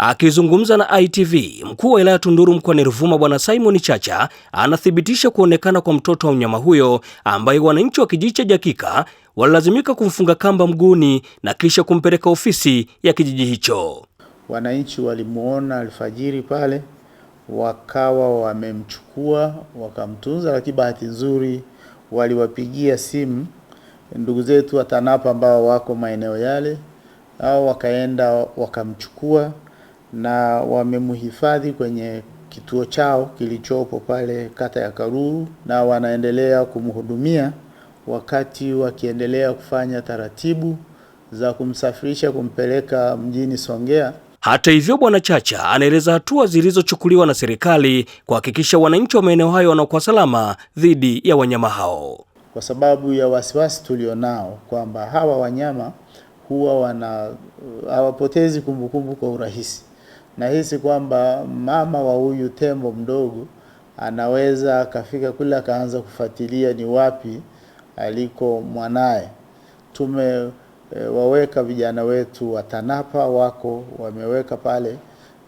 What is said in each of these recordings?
Akizungumza na ITV, mkuu wa wilaya Tunduru mkoani Ruvuma Bwana Simon Chacha anathibitisha kuonekana kwa mtoto wa mnyama huyo ambaye wananchi wa kijiji cha Jakika walilazimika kumfunga kamba mguuni na kisha kumpeleka ofisi ya kijiji hicho. Wananchi walimwona alfajiri pale, wakawa wamemchukua wakamtunza, lakini bahati nzuri waliwapigia simu ndugu zetu wa TANAPA ambao wako maeneo yale, au wakaenda wakamchukua na wamemhifadhi kwenye kituo chao kilichopo pale kata ya Karuru, na wanaendelea kumhudumia wakati wakiendelea kufanya taratibu za kumsafirisha kumpeleka mjini Songea. Hata hivyo, Bwana Chacha anaeleza hatua zilizochukuliwa na serikali kuhakikisha wananchi wa maeneo hayo wanakuwa salama dhidi ya wanyama hao, kwa sababu ya wasiwasi tulionao kwamba hawa wanyama huwa wana hawapotezi kumbukumbu kwa urahisi nahisi kwamba mama wa huyu tembo mdogo anaweza akafika kule akaanza kufuatilia ni wapi aliko mwanaye. Tumewaweka e, vijana wetu wa TANAPA wako wameweka pale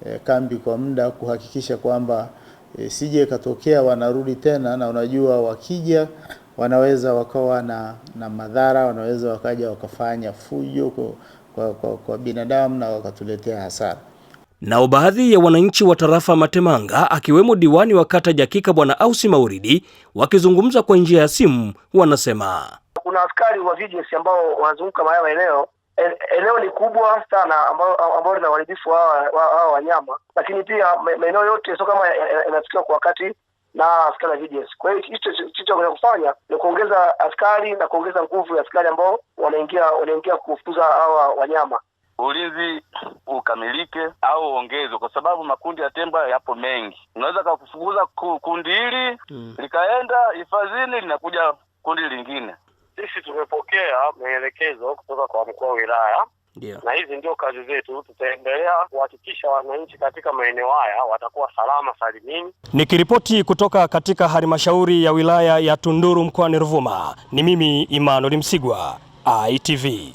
e, kambi kwa muda kuhakikisha kwamba e, sije katokea wanarudi tena, na unajua wakija wanaweza wakawa na, na madhara, wanaweza wakaja wakafanya fujo kwa, kwa, kwa, kwa binadamu na wakatuletea hasara. Nao baadhi ya wananchi wa tarafa Matemanga akiwemo diwani wa kata Jakika Bwana Ausi Mauridi wakizungumza kwa njia ya simu wanasema kuna askari wa VGS ambao wanazunguka haya maeneo. Eneo ni kubwa sana ambao lina uharibifu hawa wanyama, lakini pia maeneo yote sio kama yanafikiwa kwa wakati na askari wa VGS. Kwa hiyo kitu cha kufanya ni kuongeza askari na kuongeza nguvu ya askari ambao wanaingia wanaingia kufukuza hawa wanyama ulinzi ukamilike au uongezwe, kwa sababu makundi ya temba yapo mengi. Unaweza kakufukuza kundi hili mm, likaenda hifadhini, linakuja kundi lingine. Sisi tumepokea maelekezo kutoka kwa mkuu wa wilaya Yeah. Na hizi ndio kazi zetu, tutaendelea kuhakikisha wananchi katika maeneo haya watakuwa salama salimini. Nikiripoti kutoka katika halmashauri ya wilaya ya Tunduru mkoani Ruvuma, ni mimi Emmanuel Msigwa, ITV.